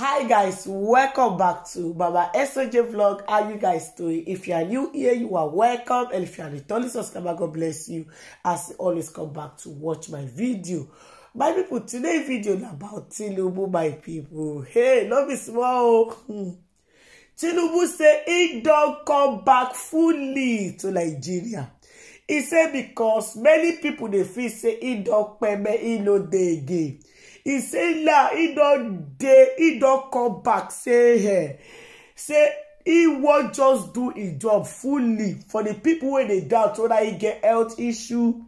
hi guys welcome back to baba soj vlog how you guys doing if you are new here you are welcome and if you are returning subscriber god bless you as you always come back to watch my video my people today video na about tinubu my people hey no be small tinubu say he don't come back fully to nigeria He say because many people dey feel say he don peme he no dey again He say la he don dey He don come back say eh say he wan just do e job fully for the people wey dey doubt whether he get health issue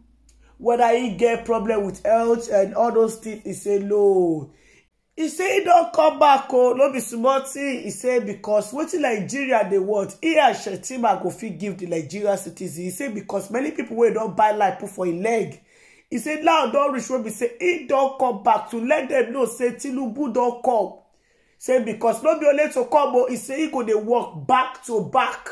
whether he get problem with health and all those things He say no He say he don come back o oh, no be small thing. He say becos wetin nigeria dey want He and shetima go fit give the Nigerian citizens He say because many people wey don buy life put for e leg He said, Now don't reach when we say, He don't come back to let them know, say, Tinubu don't come. Say, because not be only to come, but oh, he say, he go dey work back to back.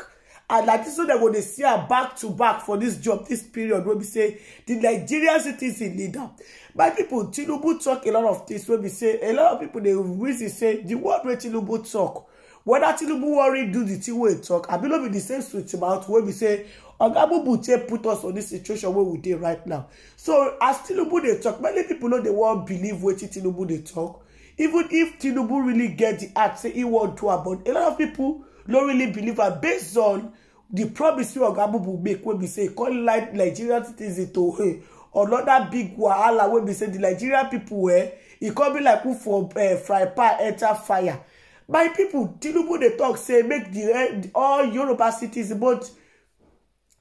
And like this, so they go dey see her back to back for this job, this period, where we say, the Nigerian citizen leader. My people, Tinubu talk a lot of things, where we say, a lot of people, they really say, the word where Tinubu talk, whether Tinubu worry, do the thing where he talk, I believe the same switch about where we say, oga bubu take put us on this situation where we dey right now so as tinubu dey talk, many people no dey wan believe wetin tinubu dey talk. even if tinubu really get the heart say he wan do am but a lot of people, no really believe am based on the promise wey oga bubu make wey be say e con lie nigerian citizens to hey, another big wahala wey be say the nigerian pipo eh e come be like who for eh, fry pan enter fire my people tinubu dey talk say make the eh, all yoruba cities both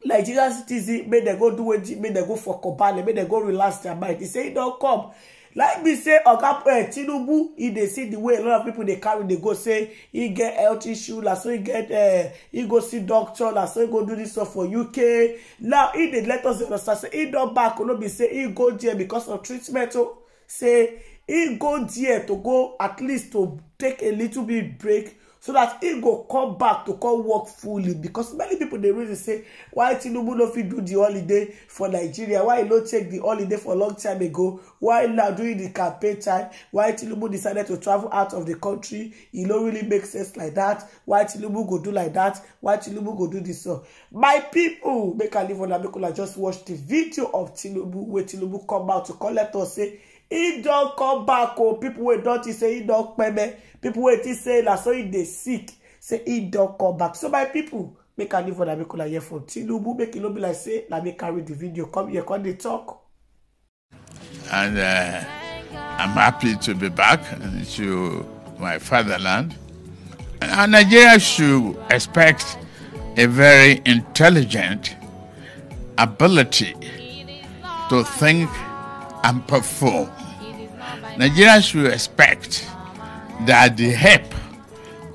nigerian citizen make they go do wetin make they go for kobale make they go relax their mind He say he don't come like me say oga eh, tinubu e dey see the way a lot of people they carry They go say he get health issue Like so he get uh, e go see doctor Like so he go do this stuff for uk now he did let us understand say he don't back no be say he go there because of treatment So oh. say he go there to go at least to take a little bit break so that he go come back to come work fully because many people dey reason say why tinubu no fit do the holiday for nigeria why he no take the holiday for long time ago why now during the campaign time why tinubu decided to travel out of the country e no really make sense like that why tinubu go do like that why tinubu go do this so my people make i leave una make una just watch the video of tinubu wey tinubu come out to come let us say He don come back o people wey don think say e don peme pipo wey think say na so e dey sick say he don come back so my people, make i leave for make una hear from tinubu make e no be like say na me carry the video come here come dey talk. and uh, i'm happy to be back to my fatherland and nigeria should expect a very intelligent ability to think and perform. Nigerians should expect that the help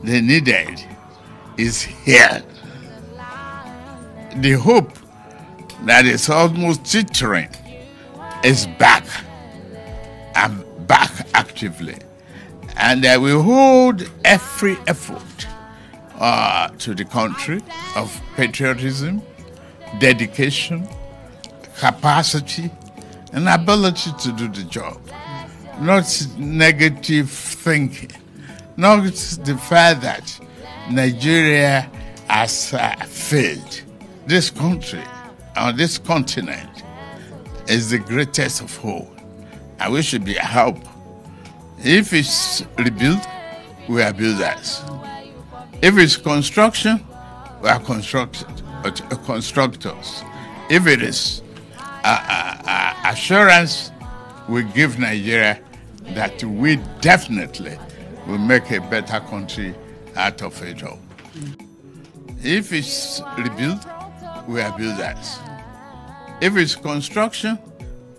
they needed is here. The hope that is almost teetering is back and back actively. And that we hold every effort uh, to the country of patriotism, dedication, capacity, an ability to do the job, not negative thinking, not the fact that Nigeria has uh, failed. This country on uh, this continent is the greatest of all, and we should be a help. If it's rebuilt, we are builders. If it's construction, we are uh, constructors. If it is uh, uh, assurance we give Nigeria that we definitely will make a better country out of it all. If it's rebuilt, we are builders. If it's construction,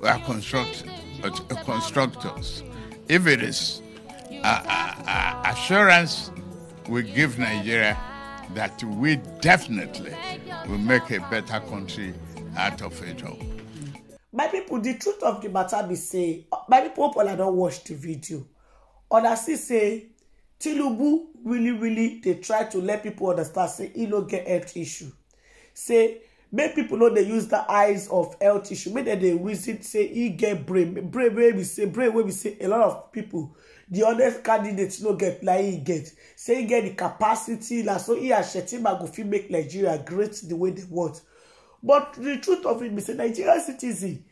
we are construct uh, constructors. If it is uh, uh, uh, assurance we give Nigeria that we definitely will make a better country out of it all. my people, the truth of the matter be say my people, hope una don watch the video una see say tinubu really really dey try to let people understand say e no get health issue say make people no dey use the eyes of health issue make dem dey reason say e get brain brain wey we say brain wey we say a lot of people, the honest candidate no get like e get say e get the capacity na so he and shetima go fit make nigeria great the way they want but the truth of it be say nigerian citizen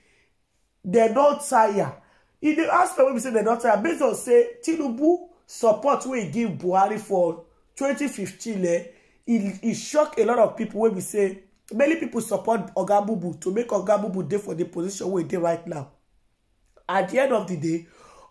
they don tire If dey ask people we say they don tire based on say tinubu support wey e give buhari for 2015 eh it shocked a lot of people. wey we say many people support oga bubu to make oga bubu dey for the position where e dey right now at the end of the day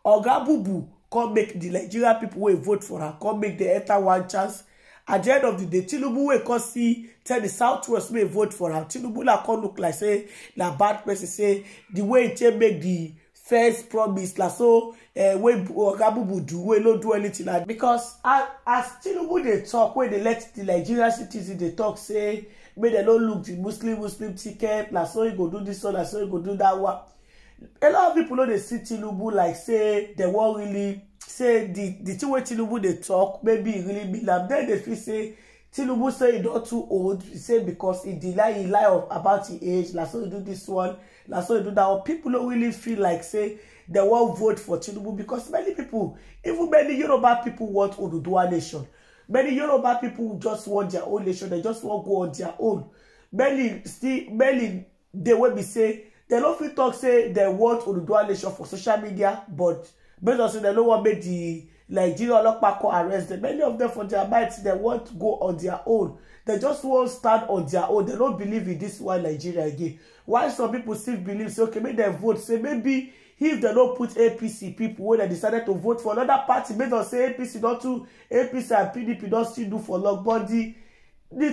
oga bubu come make the Nigerian people wey vote for her come make the enta one chance at the end of the day tinubu wey come see tell the southwest may vote for am tinubu na come look like say na bad person say the way he take make the first promise na so uh, wey oga bubu do wey no do anything na because as, as tinubu dey talk wey dey let the nigerian citizens dey talk say make dem no look the muslim muslim ticket na so he go do this one na so he go do that one a lot of people no dey see tinubu like say dem wan really say the the thing wey tinubu dey talk maybe e really mean am then dey feel say tinubu say e don too old say because e dey lie e lie of about e age na so e do this one na so e do that one people no really feel like say dem wan vote for tinubu because many people even many yoruba people want oduduwa nation many yoruba people just want their own nation dem just wan go on their own many still many dey wey be say dem no fit talk say dem want oduduwa nation for social media but based on say dem no wan make di nigeria olopako arrest dem many of dem for dia might dem want go on dia own dem just wan stand on dia own dem no believe in dis one nigeria again Why some pipo still believe say okay make dem vote say maybe if dem no put apc pipo wey dem decided to vote for anoda party based on say apc don too apc and pdp don still do for long but di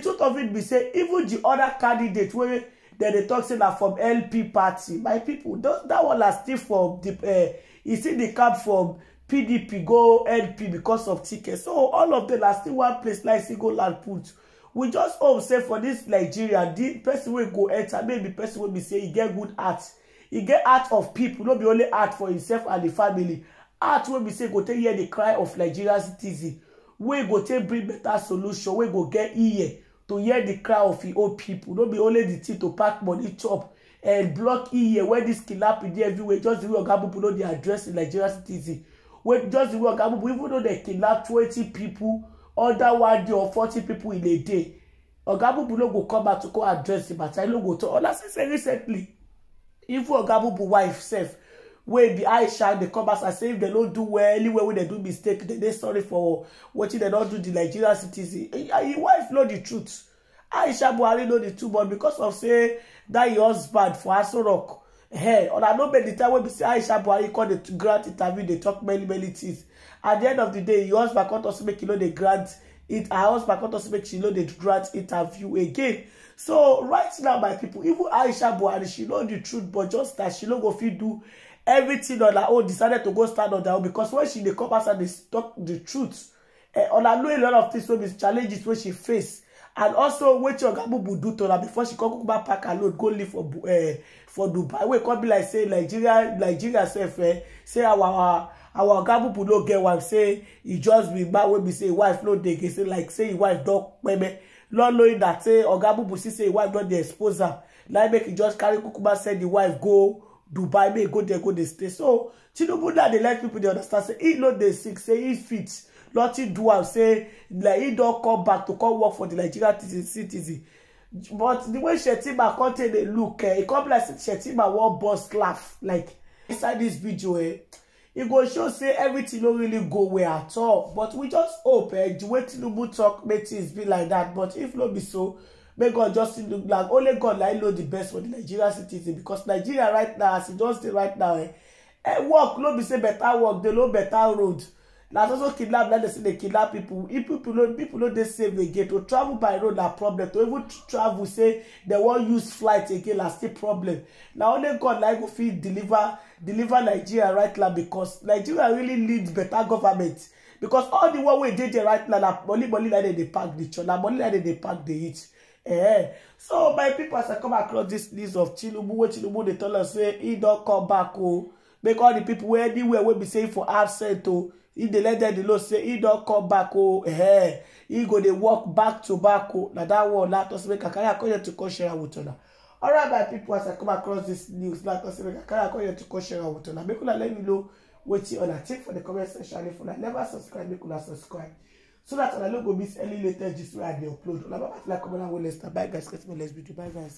truth of it be say even di oda candidate wey dem dey tok say na from lp party my pipo that one are still from di uh, e still dey come from pdp go lp because of tickets so all of them are still one place like single land put we just hope say for this nigeria the person will go enter. maybe person will be say he get good art. He get art of people. Not be only art for himself and the family Art wey be say go take hear the cry of Nigerian citizens We go take bring better solution We go get here to hear the cry of the old people, no be only the tea to pack money chop and block ear wey dis kidnapping dey everywhere just the way oga bubu no dey address di nigeria citizen wey just the way oga bubu even though dem kidnap twenty people, under one day or forty people in a day oga bubu no go come back to go address di matter e no go talk una see say recently even oga bubu wife sef wey di eye shine dey come as say if dem no do well anywhere wey dem do mistake dem dey sorry for wetin dem don do di nigerian citizen im eh, eh, eh, wife know di truth aisha buhari know di truth but because of say dat your husband for aso rock hey, una no make di time wey be say aisha buhari come dey grant interview dey talk many many things at di end of di day your husband come talk say make you no dey grant it her husband come talk say make she no dey grant interview again so right now my people even aisha buhari she know the truth but just that she no go fit do everything on her own decided to go stand on her own because when she dey come outside dey talk the truth uh, eh, una know a lot of things wey be challenges wey she face and also wetin oga bubu do to her before she come kukuma pack her load go live for uh, for dubai wey e come be like say nigeria nigeria sef eh, say our our our oga bubu no get wife say he just be man wey be say wife no dey again say like say im e wife don peme not knowing that say oga bubu see say im e wife don dey expose am na make he just carry kukuma send im wife go dubai make go there go dey stay so tinubu na dey let people they understand say he no dey sick say he fit nothing do am say like he don't come back to come work for the nigeria citizen but the way shetima content they look eh e come like say shetima wan burst laugh like inside this video eh e go show say everything don't really go well at all but we just hope eh di way tinubu talk make things be like that. but if not be so May God just see look black. Only God like know the best for the Nigeria citizen because Nigeria right now, as e just dey right now, eh, eh, work no be say better work, dey no better road. Na so so kidnap, like they say they kidnap people. If people no people no dey safe again to travel by road na problem. To even travel say they wan use flight again na still problem. Na only God like go fit deliver deliver Nigeria right now because Nigeria really needs better government. Because all the one wey dey there right now na money money like they dey pack the chop, na money like they dey pack the heat. eh so my people as i come across dis list of chilubu wey chilubu dey tell us say e don come back o oh. make all di pipo wey anywhere wey be say for absent o oh, if dey let dem dey know say e don come back o oh. eh e go dey work back to back o na dat one lato say make kakari akọyọ to come share with una alright my pipo as i come across dis news lato say make kakari akọyọ to come share with una make una let me know wetin una think for the comment section if una never subscribe make una subscribe so that una no go miss any latest gist wey i dey upload una baba fila komola wole star bye guys get me next video bye guys.